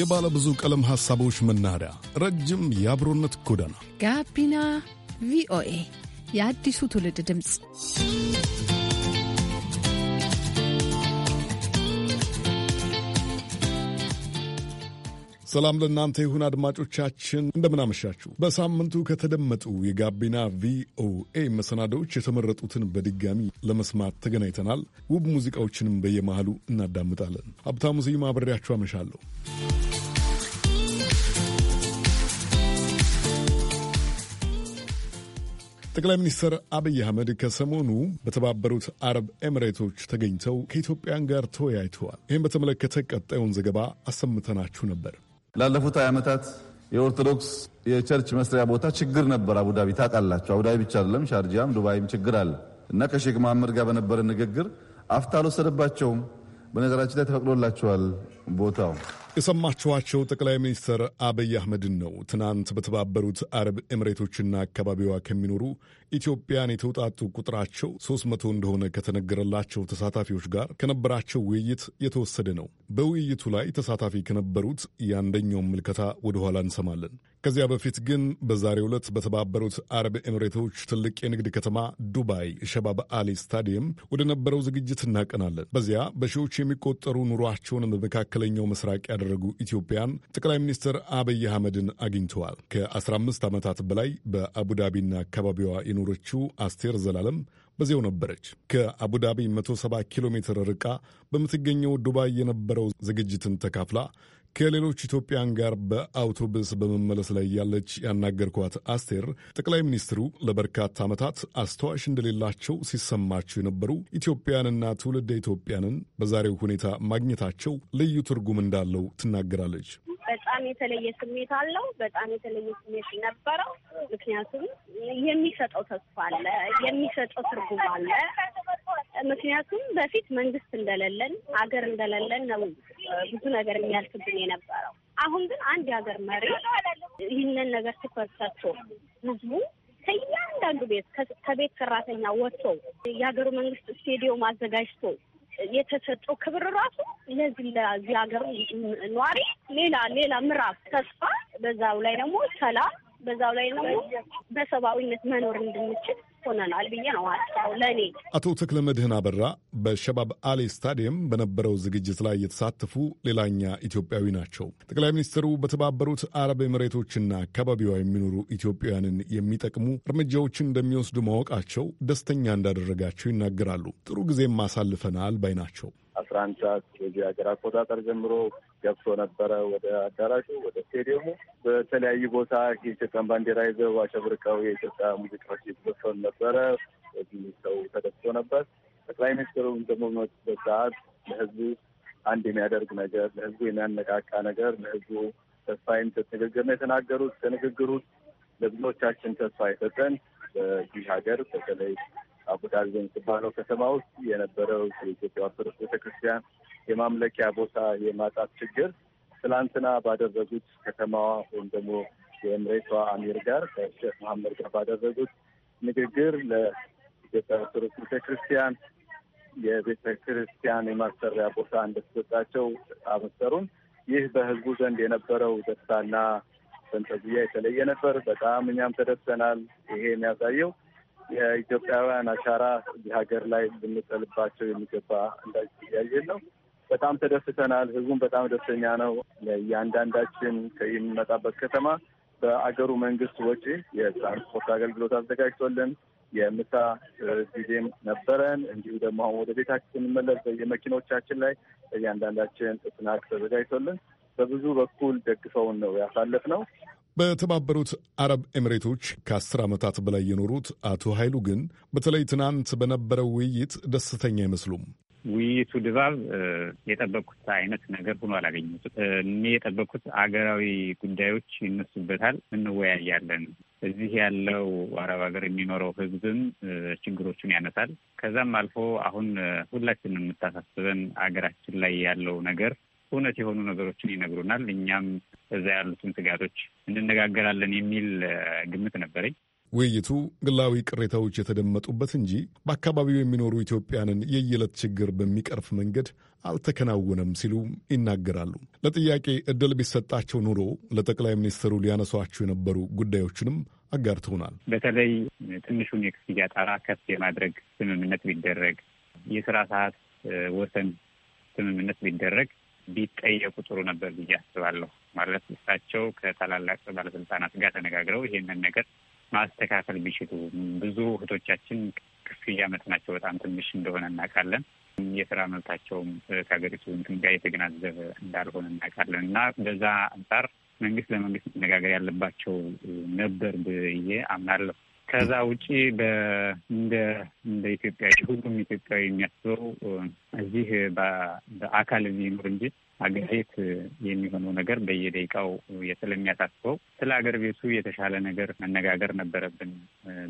የባለ ብዙ ቀለም ሐሳቦች መናኸሪያ፣ ረጅም የአብሮነት ጎዳና ጋቢና ቪኦኤ የአዲሱ ትውልድ ድምፅ። ሰላም ለእናንተ ይሁን አድማጮቻችን፣ እንደምናመሻችሁ። በሳምንቱ ከተደመጡ የጋቢና ቪኦኤ መሰናዶዎች የተመረጡትን በድጋሚ ለመስማት ተገናኝተናል። ውብ ሙዚቃዎችንም በየመሃሉ እናዳምጣለን። ሀብታሙ ስዩም አብሬያችሁ አመሻለሁ። ጠቅላይ ሚኒስትር አብይ አህመድ ከሰሞኑ በተባበሩት አረብ ኤሚሬቶች ተገኝተው ከኢትዮጵያን ጋር ተወያይተዋል። ይህም በተመለከተ ቀጣዩን ዘገባ አሰምተናችሁ ነበር። ላለፉት ሃያ ዓመታት የኦርቶዶክስ የቸርች መስሪያ ቦታ ችግር ነበር። አቡዳቢ ታውቃላችሁ። አቡዳቢ ብቻ አይደለም፣ ሻርጃም ዱባይም ችግር አለ እና ከሼክ መሐመድ ጋር በነበረ ንግግር አፍታ አልወሰደባቸውም። በነገራችን ላይ ተፈቅዶላቸዋል ቦታው የሰማችኋቸው ጠቅላይ ሚኒስትር አብይ አህመድን ነው። ትናንት በተባበሩት አረብ ኤምሬቶችና አካባቢዋ ከሚኖሩ ኢትዮጵያን የተውጣጡ ቁጥራቸው ሦስት መቶ እንደሆነ ከተነገረላቸው ተሳታፊዎች ጋር ከነበራቸው ውይይት የተወሰደ ነው። በውይይቱ ላይ ተሳታፊ ከነበሩት የአንደኛውን ምልከታ ወደኋላ እንሰማለን። ከዚያ በፊት ግን በዛሬ ዕለት በተባበሩት አረብ ኤምሬቶች ትልቅ የንግድ ከተማ ዱባይ ሸባብ አሊ ስታዲየም ወደ ነበረው ዝግጅት እናቀናለን። በዚያ በሺዎች የሚቆጠሩ ኑሯቸውን በመካከለኛው ምስራቅ ያደረጉ ኢትዮጵያን ጠቅላይ ሚኒስትር አብይ አህመድን አግኝተዋል። ከ15 ዓመታት በላይ በአቡዳቢና አካባቢዋ የኖረችው አስቴር ዘላለም በዚያው ነበረች። ከአቡዳቢ 170 ኪሎ ሜትር ርቃ በምትገኘው ዱባይ የነበረው ዝግጅትን ተካፍላ ከሌሎች ኢትዮጵያን ጋር በአውቶቡስ በመመለስ ላይ ያለች ያናገርኳት አስቴር ጠቅላይ ሚኒስትሩ ለበርካታ ዓመታት አስተዋሽ እንደሌላቸው ሲሰማቸው የነበሩ ኢትዮጵያንና ትውልድ ኢትዮጵያንን በዛሬው ሁኔታ ማግኘታቸው ልዩ ትርጉም እንዳለው ትናገራለች። በጣም የተለየ ስሜት አለው። በጣም የተለየ ስሜት ነበረው። ምክንያቱም የሚሰጠው ተስፋ አለ፣ የሚሰጠው ትርጉም አለ። ምክንያቱም በፊት መንግስት እንደሌለን ሀገር እንደሌለን ነው ብዙ ነገር የሚያልፍብን የነበረው። አሁን ግን አንድ የሀገር መሪ ይህንን ነገር ትኩረት ሰጥቶ ህዝቡ ከእያንዳንዱ ቤት ከቤት ሰራተኛ ወጥቶ የሀገሩ መንግስት ስቴዲዮም አዘጋጅቶ የተሰጠው ክብር ራሱ ለዚህ ለዚህ ሀገር ኗሪ ሌላ ሌላ ምዕራፍ ተስፋ፣ በዛው ላይ ደግሞ ሰላም፣ በዛው ላይ ደግሞ በሰብአዊነት መኖር እንድንችል ሆነናል ብዬ ነው አስበው ለእኔ። አቶ ተክለ መድህን አበራ በሸባብ አሊ ስታዲየም በነበረው ዝግጅት ላይ የተሳተፉ ሌላኛ ኢትዮጵያዊ ናቸው። ጠቅላይ ሚኒስትሩ በተባበሩት አረብ ኤምሬቶችና አካባቢዋ የሚኖሩ ኢትዮጵያውያንን የሚጠቅሙ እርምጃዎችን እንደሚወስዱ ማወቃቸው ደስተኛ እንዳደረጋቸው ይናገራሉ። ጥሩ ጊዜም አሳልፈናል ባይ ናቸው። አስራ አንድ ሰዓት የዚህ ሀገር አቆጣጠር ጀምሮ ገብቶ ነበረ ወደ አዳራሹ ወደ ስቴዲየሙ። በተለያዩ ቦታ የኢትዮጵያን ባንዲራ ይዘው አሸብርቀው የኢትዮጵያ ሙዚቃዎች ይዘፈን ነበረ። በዚህ ሰው ተደስቶ ነበር። ጠቅላይ ሚኒስትሩ ደግሞ በመጡበት ሰዓት ለህዝቡ አንድ የሚያደርግ ነገር፣ ለህዝቡ የሚያነቃቃ ነገር፣ ለህዝቡ ተስፋ የሚሰጥ ንግግር ነው የተናገሩት። ከንግግሩ ለብዙዎቻችን ተስፋ የሰጠን በዚህ ሀገር በተለይ አቡዳቢ በምትባለው ከተማ ውስጥ የነበረው የኢትዮጵያ ኦርቶዶክስ ቤተክርስቲያን የማምለኪያ ቦታ የማጣት ችግር ትላንትና ባደረጉት ከተማዋ ወይም ደግሞ የእምሬቷ አሚር ጋር ከሼክ መሀመድ ጋር ባደረጉት ንግግር ለኢትዮጵያ ኦርቶዶክስ ቤተክርስቲያን የቤተ ክርስቲያን የማሰሪያ ቦታ እንደተሰጣቸው አመሰሩን። ይህ በህዝቡ ዘንድ የነበረው ደስታና ፈንጠዝያ የተለየ ነበር። በጣም እኛም ተደስተናል። ይሄ የሚያሳየው የኢትዮጵያውያን አሻራ እዚህ ሀገር ላይ ልንጠልባቸው የሚገባ እንዳያየን ነው። በጣም ተደስተናል። ህዝቡም በጣም ደስተኛ ነው። ለእያንዳንዳችን ከሚመጣበት ከተማ በአገሩ መንግስት ወጪ የትራንስፖርት አገልግሎት አዘጋጅቶልን የምሳ ጊዜም ነበረን። እንዲሁ ደግሞ አሁን ወደ ቤታችን ስንመለስ በየመኪኖቻችን ላይ እያንዳንዳችን ስናክ ተዘጋጅቶልን በብዙ በኩል ደግፈውን ነው ያሳለፍ ነው። በተባበሩት አረብ ኤሚሬቶች ከአስር ዓመታት በላይ የኖሩት አቶ ኃይሉ ግን በተለይ ትናንት በነበረው ውይይት ደስተኛ አይመስሉም። ውይይቱ ድባብ የጠበቅኩት አይነት ነገር ሆኖ አላገኘሁትም። እኔ የጠበቅኩት አገራዊ ጉዳዮች ይነሱበታል፣ እንወያያለን። እዚህ ያለው አረብ ሀገር የሚኖረው ሕዝብም ችግሮቹን ያነሳል። ከዛም አልፎ አሁን ሁላችንም የምታሳስበን አገራችን ላይ ያለው ነገር እውነት የሆኑ ነገሮችን ይነግሩናል። እኛም እዛ ያሉትን ስጋቶች እንነጋገራለን የሚል ግምት ነበረኝ። ውይይቱ ግላዊ ቅሬታዎች የተደመጡበት እንጂ በአካባቢው የሚኖሩ ኢትዮጵያንን የየዕለት ችግር በሚቀርፍ መንገድ አልተከናወነም ሲሉ ይናገራሉ። ለጥያቄ እድል ቢሰጣቸው ኑሮ ለጠቅላይ ሚኒስትሩ ሊያነሷቸው የነበሩ ጉዳዮችንም አጋርተውናል። በተለይ ትንሹን የክፍያ ጣራ ከፍ የማድረግ ስምምነት ቢደረግ፣ የስራ ሰዓት ወሰን ስምምነት ቢደረግ ቢጠየቁ ጥሩ ነበር ብዬ አስባለሁ። ማለት እሳቸው ከታላላቅ ባለስልጣናት ጋር ተነጋግረው ይህንን ነገር ማስተካከል ቢችሉ ብዙ እህቶቻችን ክፍያ መጠናቸው በጣም ትንሽ እንደሆነ እናውቃለን። የስራ መብታቸውም ከሀገሪቱ ጋር የተገናዘበ እንዳልሆነ እናውቃለን እና በዛ አንጻር መንግስት ለመንግስት መነጋገር ያለባቸው ነበር ብዬ አምናለሁ። ከዛ ውጪ እንደ ኢትዮጵያ ሁሉም ኢትዮጵያዊ የሚያስበው እዚህ በአካል እዚህ እንጂ አገር ቤት የሚሆነው ነገር በየደቂቃው ስለሚያሳስበው ስለ አገር ቤቱ የተሻለ ነገር መነጋገር ነበረብን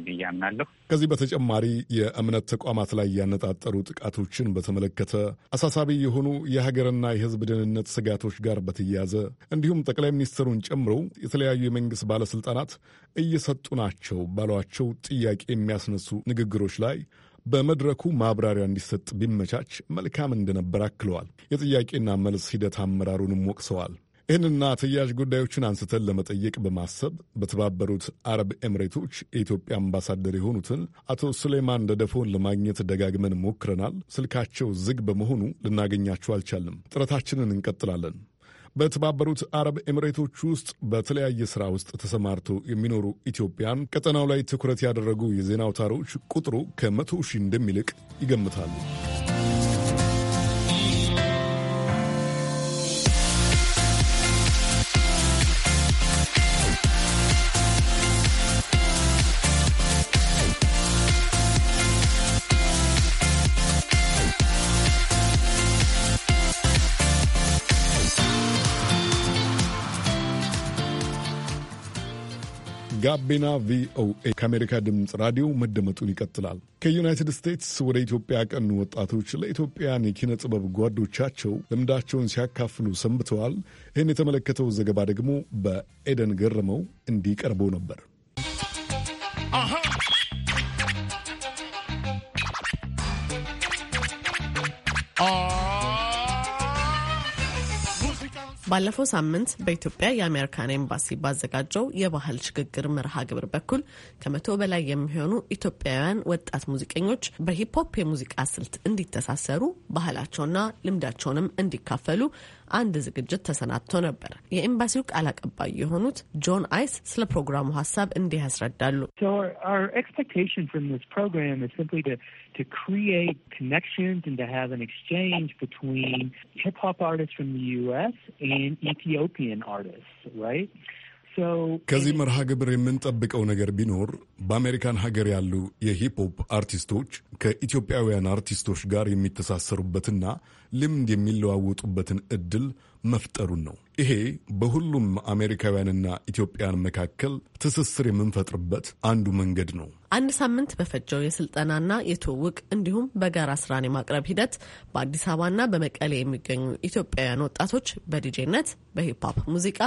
ብዬ አምናለሁ። ከዚህ በተጨማሪ የእምነት ተቋማት ላይ ያነጣጠሩ ጥቃቶችን በተመለከተ አሳሳቢ የሆኑ የሀገርና የሕዝብ ደህንነት ስጋቶች ጋር በተያያዘ እንዲሁም ጠቅላይ ሚኒስትሩን ጨምሮ የተለያዩ የመንግስት ባለስልጣናት እየሰጡ ናቸው ባሏቸው ጥያቄ የሚያስነሱ ንግግሮች ላይ በመድረኩ ማብራሪያ እንዲሰጥ ቢመቻች መልካም እንደነበር አክለዋል። የጥያቄና መልስ ሂደት አመራሩንም ወቅሰዋል። ይህንና ተያያዥ ጉዳዮችን አንስተን ለመጠየቅ በማሰብ በተባበሩት አረብ ኤምሬቶች የኢትዮጵያ አምባሳደር የሆኑትን አቶ ሱሌማን ደደፎን ለማግኘት ደጋግመን ሞክረናል። ስልካቸው ዝግ በመሆኑ ልናገኛቸው አልቻልንም። ጥረታችንን እንቀጥላለን። በተባበሩት አረብ ኤምሬቶች ውስጥ በተለያየ ስራ ውስጥ ተሰማርቶ የሚኖሩ ኢትዮጵያን ቀጠናው ላይ ትኩረት ያደረጉ የዜና አውታሮች ቁጥሩ ከመቶ ሺህ እንደሚልቅ ይገምታሉ። ጋቢና ቪኦኤ ከአሜሪካ ድምፅ ራዲዮ መደመጡን ይቀጥላል። ከዩናይትድ ስቴትስ ወደ ኢትዮጵያ ያቀኑ ወጣቶች ለኢትዮጵያን የኪነ ጥበብ ጓዶቻቸው ልምዳቸውን ሲያካፍሉ ሰንብተዋል። ይህን የተመለከተው ዘገባ ደግሞ በኤደን ገረመው እንዲህ ቀርቦ ነበር። አሃ ባለፈው ሳምንት በኢትዮጵያ የአሜሪካን ኤምባሲ ባዘጋጀው የባህል ሽግግር መርሃ ግብር በኩል ከመቶ በላይ የሚሆኑ ኢትዮጵያውያን ወጣት ሙዚቀኞች በሂፕሆፕ የሙዚቃ ስልት እንዲተሳሰሩ ባህላቸውና ልምዳቸውንም እንዲካፈሉ አንድ ዝግጅት ተሰናድቶ ነበር። የኤምባሲው ቃል አቀባይ የሆኑት ጆን አይስ ስለ ፕሮግራሙ ሀሳብ እንዲህ ያስረዳሉ። ከዚህ መርሃ ግብር የምንጠብቀው ነገር ቢኖር በአሜሪካን ሀገር ያሉ የሂፕሆፕ አርቲስቶች ከኢትዮጵያውያን አርቲስቶች ጋር የሚተሳሰሩበትና ልምድ የሚለዋወጡበትን እድል መፍጠሩን ነው። ይሄ በሁሉም አሜሪካውያንና ኢትዮጵያን መካከል ትስስር የምንፈጥርበት አንዱ መንገድ ነው። አንድ ሳምንት በፈጀው የስልጠናና የትውውቅ እንዲሁም በጋራ ስራን የማቅረብ ሂደት በአዲስ አበባና በመቀሌ የሚገኙ ኢትዮጵያውያን ወጣቶች በዲጄነት፣ በሂፕሆፕ ሙዚቃ፣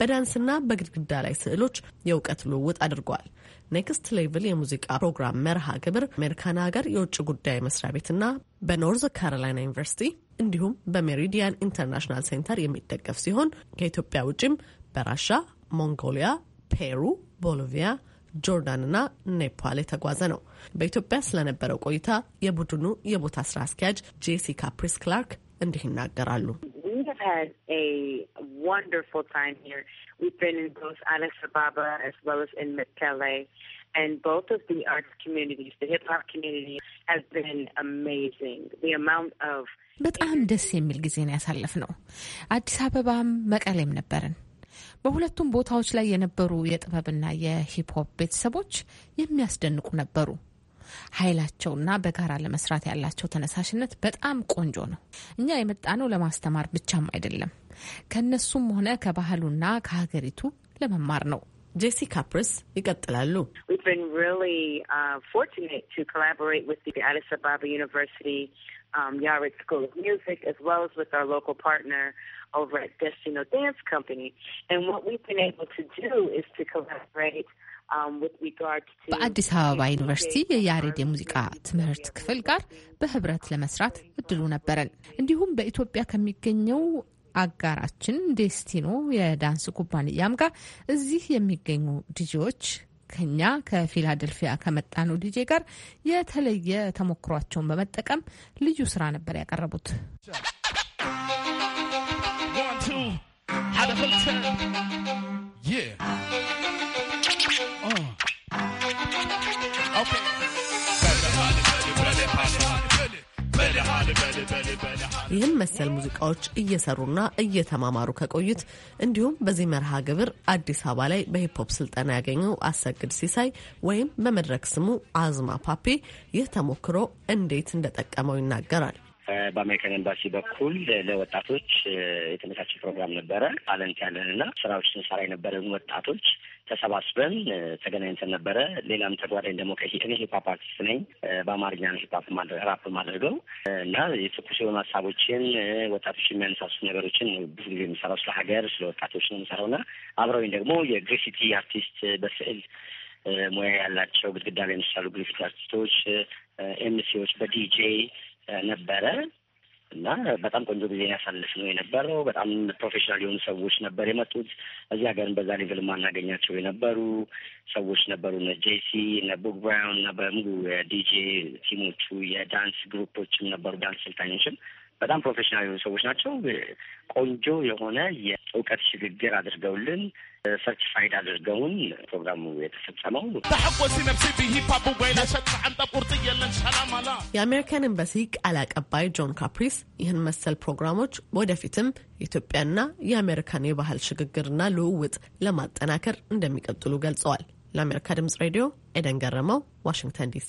በዳንስና በግድግዳ ላይ ስዕሎች የእውቀት ልውውጥ አድርገዋል። ኔክስት ሌቭል የሙዚቃ ፕሮግራም መርሃ ግብር አሜሪካን ሀገር የውጭ ጉዳይ መስሪያ ቤትና በኖርዝ ካሮላይና ዩኒቨርሲቲ እንዲሁም በሜሪዲያን ኢንተርናሽናል ሴንተር የሚደገፍ ሲሆን ከኢትዮጵያ ውጭም በራሻ፣ ሞንጎሊያ፣ ፔሩ፣ ቦሊቪያ ጆርዳንና ኔፓል የተጓዘ ነው። በኢትዮጵያ ስለነበረው ቆይታ የቡድኑ የቦታ ስራ አስኪያጅ ጄሲካ ፕሪስ ክላርክ እንዲህ ይናገራሉ። have had a wonderful time here. We've been in both Addis Ababa as well as in Mekelle, and both of the art communities, the hip hop community, has been amazing. The amount of በጣም ደስ የሚል ጊዜን ያሳለፍ ነው። አዲስ አበባም መቀሌም ነበርን። በሁለቱም ቦታዎች ላይ የነበሩ የጥበብና የሂፕሆፕ ቤተሰቦች የሚያስደንቁ ነበሩ። ኃይላቸውና በጋራ ለመስራት ያላቸው ተነሳሽነት በጣም ቆንጆ ነው። እኛ የመጣነው ለማስተማር ብቻም አይደለም፣ ከእነሱም ሆነ ከባህሉና ከሀገሪቱ ለመማር ነው። ጄሲ ካፕርስ ይቀጥላሉ። uh, Um, በአዲስ አበባ ዩኒቨርሲቲ የያሬድ የሙዚቃ ትምህርት ክፍል ጋር በህብረት ለመስራት እድሉ ነበረን። እንዲሁም በኢትዮጵያ ከሚገኘው አጋራችን ዴስቲኖ የዳንስ ኩባንያም ጋር እዚህ የሚገኙ ዲጂዎች ከኛ ከፊላደልፊያ ከመጣነው ዲጄ ጋር የተለየ ተሞክሯቸውን በመጠቀም ልዩ ስራ ነበር ያቀረቡት። መሰል ሙዚቃዎች እየሰሩና እየተማማሩ ከቆዩት እንዲሁም በዚህ መርሃ ግብር አዲስ አበባ ላይ በሂፕሆፕ ስልጠና ያገኘው አሰግድ ሲሳይ ወይም በመድረክ ስሙ አዝማ ፓፔ ይህ ተሞክሮ እንዴት እንደጠቀመው ይናገራል። በአሜሪካን ኤምባሲ በኩል ለወጣቶች የተመቻቸ ፕሮግራም ነበረ። ታለንት ያለንና ስራዎች ስንሰራ የነበረን ወጣቶች ተሰባስበን ተገናኝተን ነበረ። ሌላም ተጓዳኝ ደግሞ እኔ ሂፓፕ አርቲስት ነኝ። በአማርኛ ነው ሂፓፕ ራፕ ማድረገው እና የትኩስ የሆኑ ሀሳቦችን ወጣቶች የሚያነሳሱት ነገሮችን ብዙ ጊዜ የሚሰራው ስለ ሀገር፣ ስለ ወጣቶች ነው የሚሰራው እና አብረውኝ ደግሞ የግሪፊቲ አርቲስት በስዕል ሙያ ያላቸው ግድግዳ ላይ የሚሳሉ ግሪፊቲ አርቲስቶች፣ ኤምሲዎች በዲጄ ነበረ እና በጣም ቆንጆ ጊዜ ያሳልፍ ነው የነበረው። በጣም ፕሮፌሽናል የሆኑ ሰዎች ነበር የመጡት። እዚህ ሀገርን በዛ ሌቭል ማናገኛቸው የነበሩ ሰዎች ነበሩ። እነ ጄሲ፣ እነ ቡክ ብራውን እና በሙሉ የዲጄ ቲሞቹ የዳንስ ግሩፖችም ነበሩ፣ ዳንስ ስልጣኞችም በጣም ፕሮፌሽናል የሆኑ ሰዎች ናቸው። ቆንጆ የሆነ የእውቀት ሽግግር አድርገውልን ሰርቲፋይድ አድርገውን ፕሮግራሙ የተፈጸመው። የአሜሪካን ኤምባሲ ቃል አቀባይ ጆን ካፕሪስ ይህን መሰል ፕሮግራሞች ወደፊትም የኢትዮጵያና የአሜሪካን የባህል ሽግግርና ልውውጥ ለማጠናከር እንደሚቀጥሉ ገልጸዋል። ለአሜሪካ ድምጽ ሬዲዮ ኤደን ገረመው፣ ዋሽንግተን ዲሲ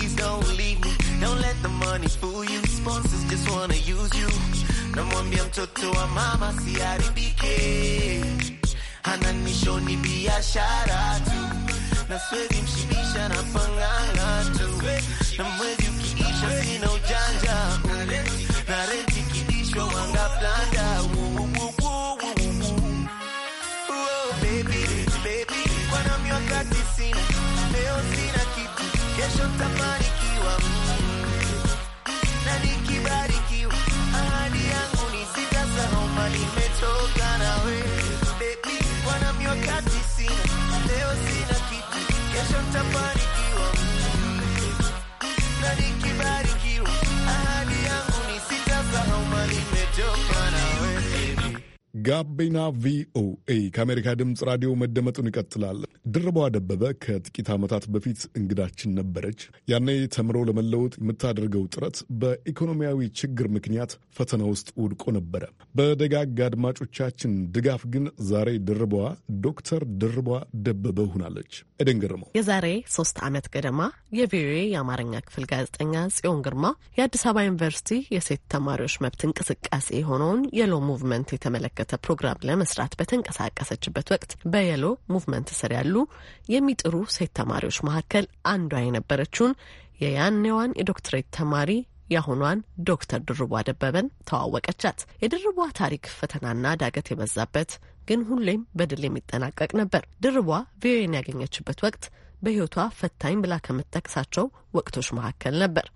don't leave me. Don't let the money fool you. Sponsors just wanna use you. Namwambia mtoto wa mama siharibike, ananishoni biashara tu, na siwezi mshibisha na pangana tu, na mwezi ukiisha sina ujanja, na renti kidishwa wangaplanda Santa Maria. ጋቢና ቪኦኤ ከአሜሪካ ድምፅ ራዲዮ መደመጡን ይቀጥላል። ድርቧ ደበበ ከጥቂት ዓመታት በፊት እንግዳችን ነበረች። ያኔ ተምሮ ለመለወጥ የምታደርገው ጥረት በኢኮኖሚያዊ ችግር ምክንያት ፈተና ውስጥ ወድቆ ነበረ። በደጋግ አድማጮቻችን ድጋፍ ግን ዛሬ ድርቧ ዶክተር ድርቧ ደበበ ሆናለች። ኤደን ገርመው የዛሬ ሶስት ዓመት ገደማ የቪኦኤ የአማርኛ ክፍል ጋዜጠኛ ጽዮን ግርማ የአዲስ አበባ ዩኒቨርሲቲ የሴት ተማሪዎች መብት እንቅስቃሴ የሆነውን የሎ ሙቭመንት የተመለከተ የተመሰረተ ፕሮግራም ለመስራት በተንቀሳቀሰችበት ወቅት በየሎ ሙቭመንት ስር ያሉ የሚጥሩ ሴት ተማሪዎች መካከል አንዷ የነበረችውን የያኔዋን የዶክትሬት ተማሪ የአሁኗን ዶክተር ድርቧ ደበበን ተዋወቀቻት። የድርቧ ታሪክ ፈተናና ዳገት የበዛበት ግን ሁሌም በድል የሚጠናቀቅ ነበር። ድርቧ ቪኦኤን ያገኘችበት ወቅት በሕይወቷ ፈታኝ ብላ ከምትጠቅሳቸው ወቅቶች መካከል ነበር።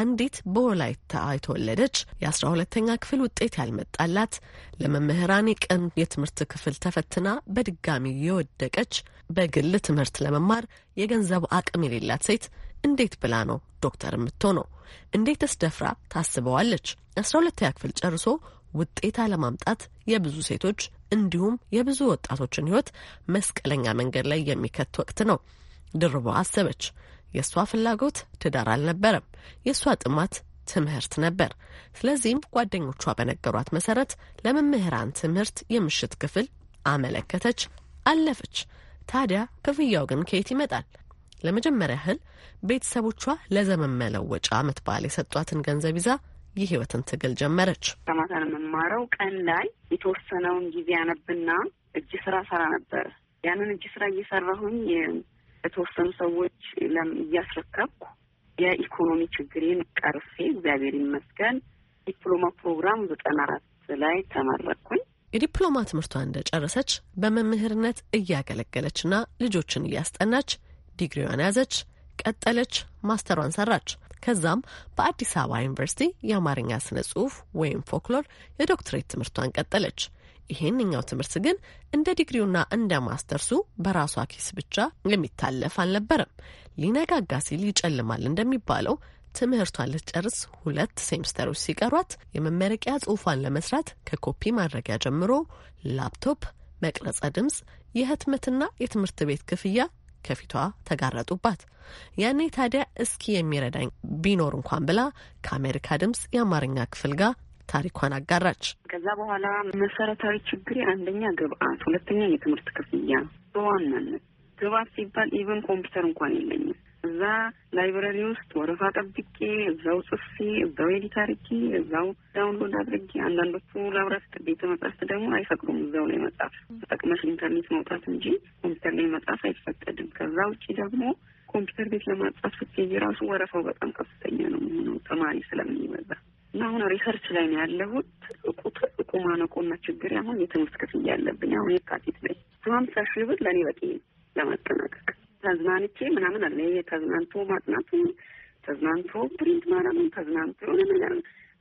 አንዲት በወላይታ የተወለደች የአስራ ሁለተኛ ክፍል ውጤት ያልመጣላት ለመምህራን የቀን የትምህርት ክፍል ተፈትና በድጋሚ የወደቀች በግል ትምህርት ለመማር የገንዘብ አቅም የሌላት ሴት እንዴት ብላ ነው ዶክተር የምትሆነው? እንዴትስ ደፍራ ታስበዋለች? አስራ ሁለተኛ ክፍል ጨርሶ ውጤታ ለማምጣት የብዙ ሴቶች እንዲሁም የብዙ ወጣቶችን ሕይወት መስቀለኛ መንገድ ላይ የሚከት ወቅት ነው። ድርቧ አሰበች። የእሷ ፍላጎት ትዳር አልነበረም። የእሷ ጥማት ትምህርት ነበር። ስለዚህም ጓደኞቿ በነገሯት መሰረት ለመምህራን ትምህርት የምሽት ክፍል አመለከተች፣ አለፈች። ታዲያ ክፍያው ግን ከየት ይመጣል? ለመጀመሪያ ያህል ቤተሰቦቿ ለዘመን መለወጫ አመት በዓል የሰጧትን ገንዘብ ይዛ የህይወትን ትግል ጀመረች። ከማታ ነው የምማረው። ቀን ላይ የተወሰነውን ጊዜ ያነብና እጅ ስራ ሰራ ነበር። ያንን እጅ ስራ እየሰራሁኝ የተወሰኑ ሰዎች እያስረከብኩ የኢኮኖሚ ችግሬን ቀርፌ እግዚአብሔር ይመስገን ዲፕሎማ ፕሮግራም ዘጠና አራት ላይ ተመረቅኩኝ። የዲፕሎማ ትምህርቷን እንደጨረሰች በመምህርነት እያገለገለችና ልጆችን እያስጠናች ዲግሪዋን ያዘች፣ ቀጠለች፣ ማስተሯን ሰራች። ከዛም በአዲስ አበባ ዩኒቨርሲቲ የአማርኛ ስነ ጽሁፍ ወይም ፎክሎር የዶክትሬት ትምህርቷን ቀጠለች። ይሄንኛው ትምህርት ግን እንደ ዲግሪውና እንደ ማስተርሱ በራሷ ኪስ ብቻ የሚታለፍ አልነበረም። ሊነጋጋ ሲል ይጨልማል እንደሚባለው ትምህርቷን ልትጨርስ ሁለት ሴምስተሮች ሲቀሯት የመመረቂያ ጽሁፏን ለመስራት ከኮፒ ማድረጊያ ጀምሮ ላፕቶፕ፣ መቅረጸ ድምፅ፣ የህትመትና የትምህርት ቤት ክፍያ ከፊቷ ተጋረጡባት። ያኔ ታዲያ እስኪ የሚረዳኝ ቢኖር እንኳን ብላ ከአሜሪካ ድምፅ የአማርኛ ክፍል ጋር ታሪኳን አጋራች። ከዛ በኋላ መሰረታዊ ችግሬ አንደኛ ግብአት፣ ሁለተኛ የትምህርት ክፍያ በዋናነት ግብአት ሲባል ኢቨን ኮምፒውተር እንኳን የለኝም። እዛ ላይብረሪ ውስጥ ወረፋ ጠብቄ እዛው ጽፌ እዛው ኤዲት አድርጌ እዛው ዳውንሎድ አድርጌ አንዳንዶቹ ላብራፍት ቤተ መጻሕፍት ደግሞ አይፈቅዱም። እዛው ላይ መጻፍ ተጠቅመሽ ኢንተርኔት መውጣት እንጂ ኮምፒውተር ላይ መጻፍ አይፈቀድም። ከዛ ውጭ ደግሞ ኮምፒውተር ቤት ለማጻፍ ስትሄጂ ራሱ ወረፋው በጣም ከፍተኛ ነው የሚሆነው ተማሪ ስለሚበዛ እና አሁን ሪሰርች ላይ ነው ያለሁት። ትልቁ ትልቁ ማነቆና ችግር አሁን የትምህርት ክፍያ ያለብኝ አሁን የካቲት ላይ ሀምሳ ሺህ ብር ለእኔ በቂ ለማጠናቀቅ ተዝናንቼ ምናምን አለ። ይሄ ተዝናንቶ ማጥናቱ ተዝናንቶ ፕሪንት ማረሙን ተዝናንቶ የሆነ ነገር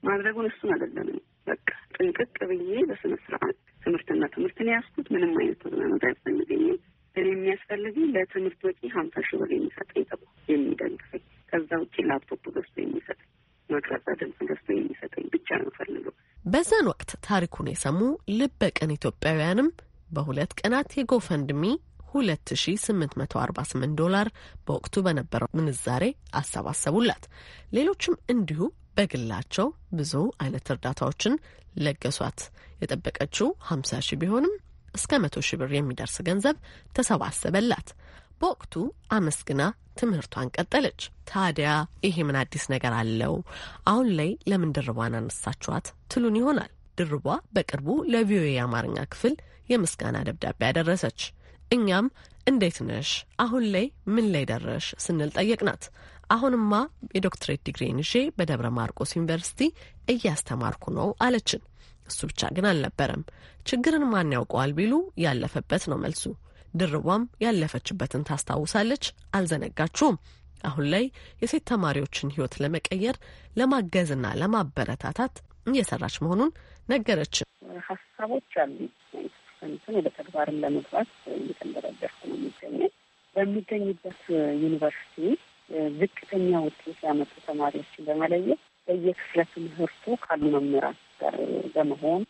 ማድረጉን እሱን አይደለም። በቃ ጥንቅቅ ብዬ በስነ ስርዓት ትምህርትና ትምህርትን ያስኩት ምንም አይነት ተዝናኖት አያስፈልገኝም። እኔ የሚያስፈልገኝ ለትምህርት ወጪ ሀምሳ ሺህ ብር የሚሰጠኝ ጠቁ የሚደግፈኝ ከዛ ውጭ ላፕቶፕ ገዝቶ የሚሰጠኝ መቅረጻ ድምፅ ገዝቶ የሚሰጠኝ ብቻ ነው ፈልገው። በዛን ወቅት ታሪኩን የሰሙ ልበቀን ኢትዮጵያውያንም በሁለት ቀናት የጎፈንድሚ 2848 ዶላር በወቅቱ በነበረው ምንዛሬ አሰባሰቡላት። ሌሎችም እንዲሁ በግላቸው ብዙ አይነት እርዳታዎችን ለገሷት። የጠበቀችው 50 ሺህ ቢሆንም እስከ 100 ሺህ ብር የሚደርስ ገንዘብ ተሰባሰበላት። በወቅቱ አመስግና ትምህርቷን ቀጠለች። ታዲያ ይሄ ምን አዲስ ነገር አለው? አሁን ላይ ለምን ድርቧን አነሳችኋት ትሉን ይሆናል። ድርቧ በቅርቡ ለቪኦኤ የአማርኛ ክፍል የምስጋና ደብዳቤ ያደረሰች እኛም እንዴት ነሽ አሁን ላይ ምን ላይ ደረሽ ስንል ጠየቅናት። አሁንማ የዶክትሬት ዲግሪን ይዤ በደብረ ማርቆስ ዩኒቨርሲቲ እያስተማርኩ ነው አለችን። እሱ ብቻ ግን አልነበረም። ችግርን ማን ያውቀዋል ቢሉ ያለፈበት ነው መልሱ። ድርቧም ያለፈችበትን ታስታውሳለች። አልዘነጋችሁም። አሁን ላይ የሴት ተማሪዎችን ሕይወት ለመቀየር ለማገዝና ለማበረታታት እየሰራች መሆኑን ነገረችን። ሀሳቦች አሉ የተወሰኑትን ወደ ተግባርን ለመግባት እየተንደረደርኩ ነው የሚገኘው። በሚገኝበት ዩኒቨርሲቲ ዝቅተኛ ውጤት ያመጡ ተማሪዎችን በመለየት በየክፍለ ትምህርቱ ካሉ መምህራን ጋር በመሆን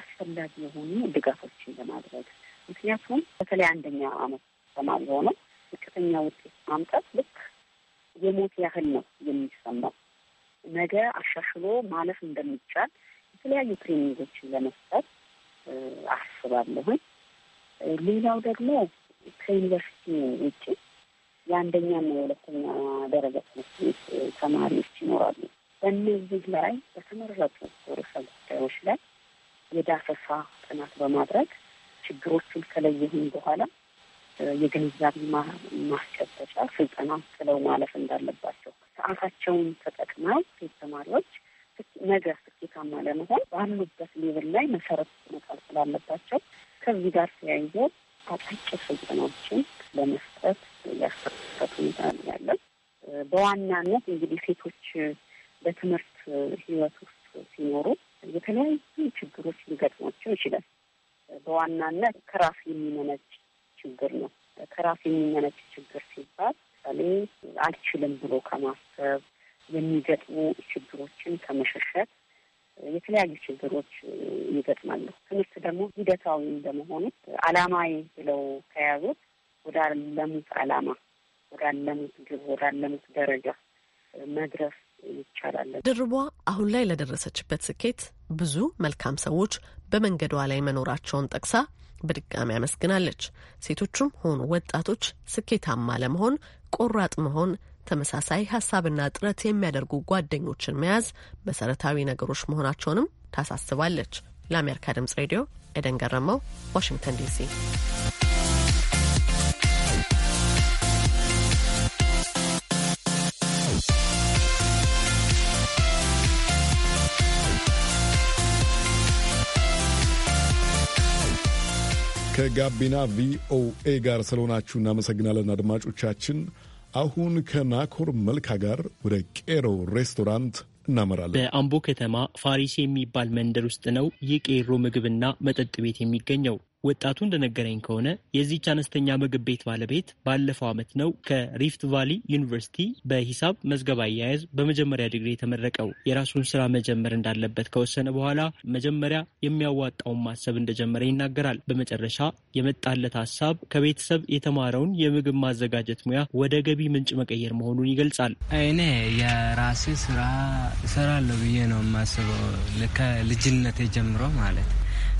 አስፈላጊ የሆኑ ድጋፎችን ለማድረግ ምክንያቱም በተለይ አንደኛ አመት ተማሪ ሆኖ ዝቅተኛ ውጤት ማምጣት ልክ የሞት ያህል ነው የሚሰማው። ነገ አሻሽሎ ማለፍ እንደሚቻል የተለያዩ ትሬኒንጎችን ለመስጠት አስባለሁኝ። ሌላው ደግሞ ከዩኒቨርሲቲ ውጭ የአንደኛና የሁለተኛ ደረጃ ትምህርት ቤት ተማሪዎች ይኖራሉ። በእነዚህ ላይ በተመረጡ ርዕሰ ጉዳዮች ላይ የዳሰሳ ጥናት በማድረግ ችግሮቹን ከለየሁኝ በኋላ የግንዛቤ ማስጨበጫ ስልጠና ጥለው ማለፍ እንዳለባቸው ሰዓታቸውን ተጠቅመው ሴት ተማሪዎች ነገ ስኬታማ ለመሆን ባሉበት ሌብል ላይ መሰረት መጣል ስላለባቸው ከዚህ ጋር ተያይዞ አጫጭር ስልጠናዎችን ለመስጠት ያሰበት ሁኔታ ያለን። በዋናነት እንግዲህ ሴቶች በትምህርት ህይወት ውስጥ ሲኖሩ የተለያዩ ችግሮች ሊገጥሟቸው ይችላል። በዋናነት ከራስ የሚመነጭ ችግር ነው። ከራስ የሚመነጭ ችግር ሲባል ለምሳሌ አልችልም ብሎ ከማሰብ የሚገጥሙ ችግሮችን ከመሸሸት የተለያዩ ችግሮች ይገጥማሉ። ትምህርት ደግሞ ሂደታዊ እንደመሆኑ አላማ ብለው ከያዙት ወዳለሙት አላማ፣ ወዳለሙት ግብ፣ ወዳለሙት ደረጃ መድረስ ይቻላል። ድርቧ አሁን ላይ ለደረሰችበት ስኬት ብዙ መልካም ሰዎች በመንገዷ ላይ መኖራቸውን ጠቅሳ በድጋሚ አመስግናለች። ሴቶቹም ሆኑ ወጣቶች ስኬታማ ለመሆን ቆራጥ መሆን ተመሳሳይ ሀሳብና ጥረት የሚያደርጉ ጓደኞችን መያዝ መሰረታዊ ነገሮች መሆናቸውንም ታሳስባለች። ለአሜሪካ ድምጽ ሬዲዮ ኤደን ገረመው፣ ዋሽንግተን ዲሲ። ከጋቢና ቪኦኤ ጋር ስለሆናችሁ እናመሰግናለን አድማጮቻችን። አሁን ከናኮር መልካ ጋር ወደ ቄሮ ሬስቶራንት እናመራለን። በአምቦ ከተማ ፋሪስ የሚባል መንደር ውስጥ ነው የቄሮ ምግብና መጠጥ ቤት የሚገኘው። ወጣቱ እንደነገረኝ ከሆነ የዚች አነስተኛ ምግብ ቤት ባለቤት ባለፈው ዓመት ነው ከሪፍት ቫሊ ዩኒቨርሲቲ በሂሳብ መዝገብ አያያዝ በመጀመሪያ ዲግሪ የተመረቀው። የራሱን ስራ መጀመር እንዳለበት ከወሰነ በኋላ መጀመሪያ የሚያዋጣውን ማሰብ እንደጀመረ ይናገራል። በመጨረሻ የመጣለት ሀሳብ ከቤተሰብ የተማረውን የምግብ ማዘጋጀት ሙያ ወደ ገቢ ምንጭ መቀየር መሆኑን ይገልጻል። እኔ የራሴ ስራ እሰራለሁ ብዬ ነው የማስበው ከልጅነት ጀምሮ ማለት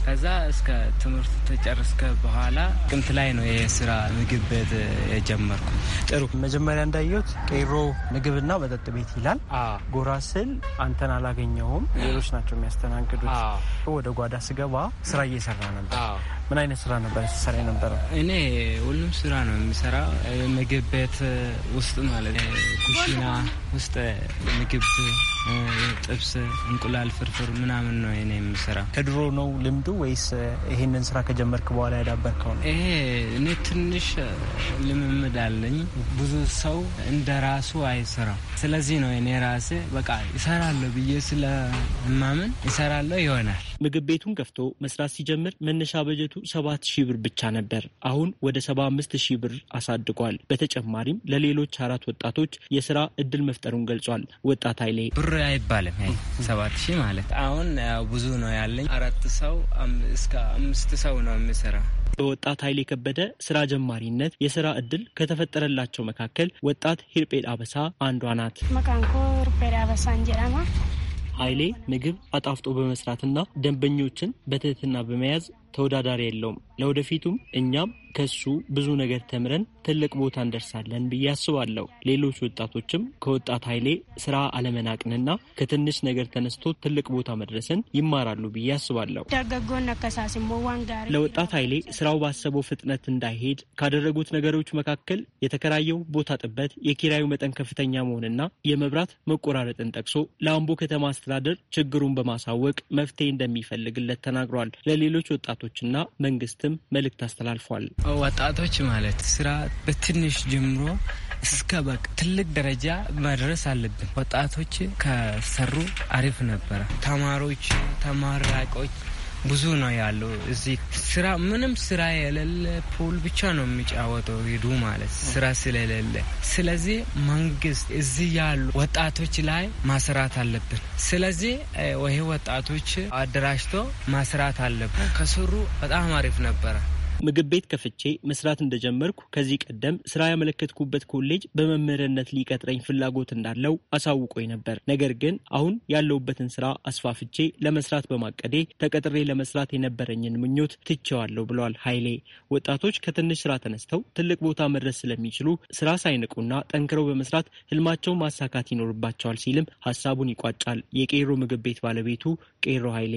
ከዛ እስከ ትምህርት ተጨርስከ በኋላ ቅምት ላይ ነው የስራ ምግብ ቤት የጀመርኩ። ጥሩ መጀመሪያ እንዳየሁት ቄሮ ምግብና መጠጥ ቤት ይላል። ጎራ ስል አንተን አላገኘውም ሌሎች ናቸው የሚያስተናግዱት። ወደ ጓዳ ስገባ ስራ እየሰራ ነበር። ምን አይነት ስራ ነበር ስሰራ ነበረ? እኔ ሁሉም ስራ ነው የሚሰራ ምግብ ቤት ውስጥ ማለት ኩሽና ውስጥ ምግብ፣ ጥብስ፣ እንቁላል ፍርፍር ምናምን ነው የኔ የሚሰራ ከድሮ ነው ልምዱ ወይስ ይሄንን ስራ ከጀመርክ በኋላ ያዳበርከው ነው? ይሄ እኔ ትንሽ ልምምድ አለኝ። ብዙ ሰው እንደ ራሱ አይሰራም። ስለዚህ ነው እኔ ራሴ በቃ ይሰራለሁ ብዬ ስለማምን ይሰራለሁ ይሆናል ምግብ ቤቱን ከፍቶ መስራት ሲጀምር መነሻ በጀቱ ሰባት ሺህ ብር ብቻ ነበር። አሁን ወደ ሰባ አምስት ሺህ ብር አሳድጓል። በተጨማሪም ለሌሎች አራት ወጣቶች የስራ እድል መፍጠሩን ገልጿል። ወጣት ኃይሌ ብር አይባልም ሰባት ሺህ ማለት አሁን ብዙ ነው ያለኝ አራት ሰው እስከ አምስት ሰው ነው የሚሰራ በወጣት ኃይሌ ከበደ ስራ ጀማሪነት የስራ እድል ከተፈጠረላቸው መካከል ወጣት ሂርጴድ አበሳ አንዷ ናት። ኃይሌ ምግብ አጣፍጦ በመስራትና ደንበኞችን በትህትና በመያዝ ተወዳዳሪ የለውም። ለወደፊቱም እኛም ከሱ ብዙ ነገር ተምረን ትልቅ ቦታ እንደርሳለን ብዬ አስባለሁ። ሌሎች ወጣቶችም ከወጣት ኃይሌ ስራ አለመናቅንና ከትንሽ ነገር ተነስቶ ትልቅ ቦታ መድረስን ይማራሉ ብዬ አስባለሁ። ለወጣት ኃይሌ ስራው ባሰበው ፍጥነት እንዳይሄድ ካደረጉት ነገሮች መካከል የተከራየው ቦታ ጥበት፣ የኪራዩ መጠን ከፍተኛ መሆንና የመብራት መቆራረጥን ጠቅሶ ለአምቦ ከተማ አስተዳደር ችግሩን በማሳወቅ መፍትሄ እንደሚፈልግለት ተናግሯል። ለሌሎች ወጣቶችና መንግስትም በኩልም መልእክት አስተላልፏል። ወጣቶች ማለት ስራ በትንሽ ጀምሮ እስከ በቅ ትልቅ ደረጃ መድረስ አለብን። ወጣቶች ከሰሩ አሪፍ ነበረ። ተማሪዎች ተመራቂዎች ብዙ ነው ያለው። እዚህ ስራ ምንም ስራ የሌለ ፑል ብቻ ነው የሚጫወተው ሂዱ ማለት ስራ ስለሌለ፣ ስለዚህ መንግስት እዚህ ያሉ ወጣቶች ላይ ማስራት አለብን። ስለዚህ ይሄ ወጣቶች አደራጅቶ ማስራት አለብን። ከስሩ በጣም አሪፍ ነበረ። ምግብ ቤት ከፍቼ መስራት እንደጀመርኩ ከዚህ ቀደም ስራ ያመለከትኩበት ኮሌጅ በመምህርነት ሊቀጥረኝ ፍላጎት እንዳለው አሳውቆኝ ነበር። ነገር ግን አሁን ያለውበትን ስራ አስፋፍቼ ለመስራት በማቀዴ ተቀጥሬ ለመስራት የነበረኝን ምኞት ትቼዋለሁ ብለዋል ኃይሌ። ወጣቶች ከትንሽ ስራ ተነስተው ትልቅ ቦታ መድረስ ስለሚችሉ ስራ ሳይንቁና ጠንክረው በመስራት ህልማቸው ማሳካት ይኖርባቸዋል ሲልም ሀሳቡን ይቋጫል። የቄሮ ምግብ ቤት ባለቤቱ ቄሮ ኃይሌ።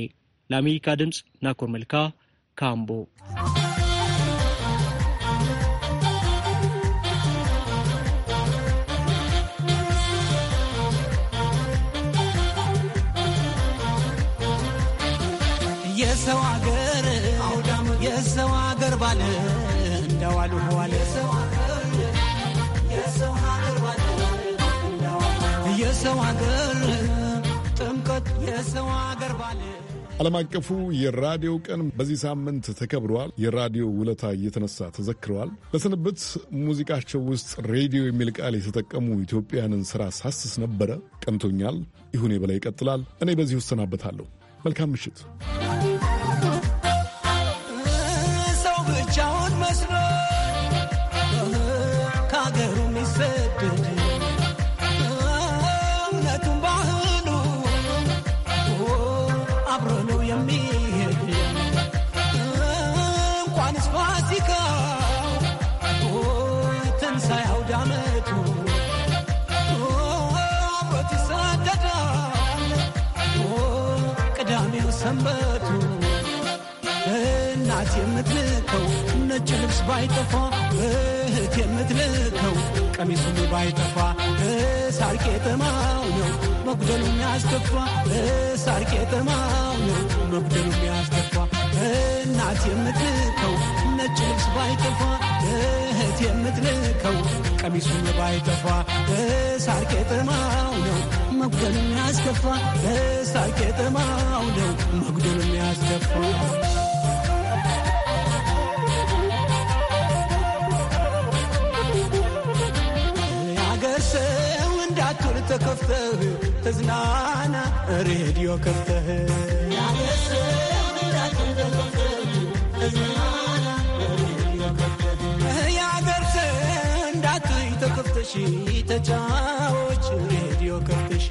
ለአሜሪካ ድምፅ ናኮር መልካ ካምቦ የሰው አገር የሰው አገር ባለ እንደዋሉ ዋለ የሰው አገር ጥምቀት የሰው አገር ባለ ዓለም አቀፉ የራዲዮ ቀን በዚህ ሳምንት ተከብረዋል። የራዲዮ ውለታ እየተነሳ ተዘክረዋል። ለስንብት ሙዚቃቸው ውስጥ ሬዲዮ የሚል ቃል የተጠቀሙ ኢትዮጵያንን ስራ ሳስስ ነበረ። ቀንቶኛል። ይሁኔ በላይ ይቀጥላል። እኔ በዚህ እሰናበታለሁ። መልካም ምሽት። ባይጠፋ እህት የምትልከው ቀሚሱም ባይጠፋ ሳር ቄጠማው ነው መጉደሉ የሚያስከፋ ሳር ቄጠማው ነው መጉደሉ የሚያስከፋ እናት የምትልከው ነጭ ልብስ ባይጠፋ እህት የምትልከው ቀሚሱም ባይጠፋ ሳር ቄጠማው ነው መጉደሉ የሚያስከፋ ሳር ቄጠማው ነው መጉደሉ የሚያስከፋ አንተ ከፍተህ ተዝናና ሬዲዮ ከፍተህ የአገር እንዳትይ ተከፍተሽ ተጫዎች ሬዲዮ ከፍተሽ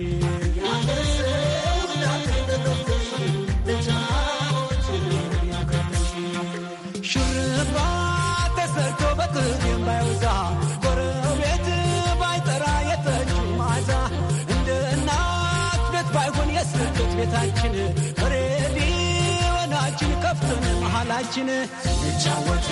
ቤታችን ሬዲዮናችን ከፍተን መሃላችን እጫወት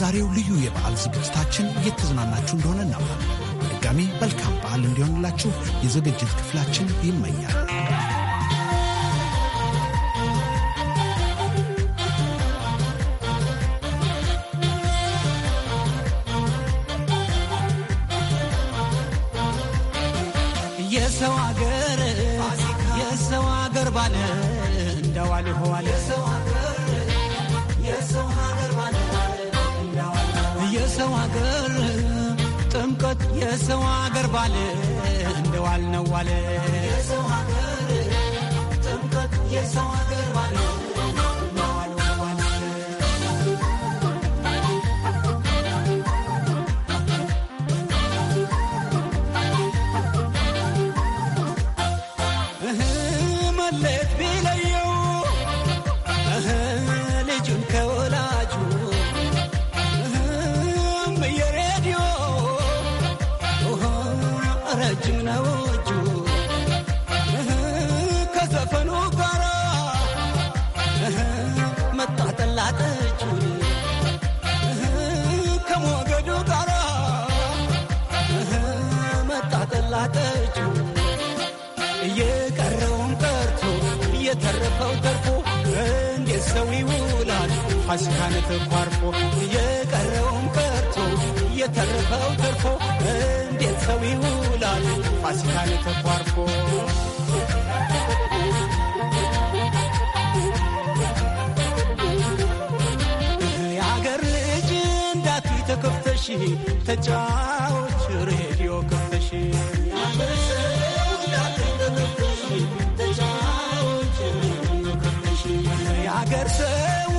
በዛሬው ልዩ የበዓል ዝግጅታችን እየተዝናናችሁ እንደሆነ እናምናለን። ድጋሚ መልካም በዓል እንዲሆንላችሁ የዝግጅት ክፍላችን ይመኛል። የሰው አገር የሰው አገር ባለ የሰው አገር ጥምቀት የሰው አገር ባለ እንደዋል ነው ዋለ የሰው አገር ጥምቀት የሰው አገር ባለ ረጅም ነው እጁ ከዘፈኑ ጋራ መጣጠላት እጁ ከሞገዱ ጋራ መጣጠላት ጠጁ እየቀረውም ቀርቶ እየተረፈው ተርፎ እንዴት ሰው ይው ፋሲካን ተኳርፎ የቀረውን ቀርቶ የተረፈው ተርፎ እንዴት ሰው ይውላል ፋሲካን ተኳርፎ የአገር ልጅ እንዳት ተከፍተሽ ተጫዎች ሬዲዮ ከፍተሽ የአገር ሰው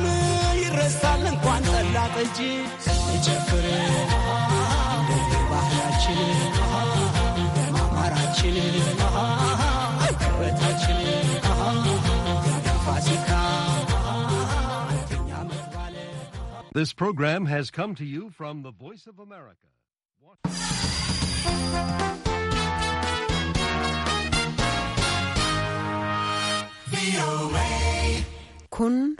እንኳን ይጨፍር እንደ ባህላችን This program has come to you from the Voice of America. Kun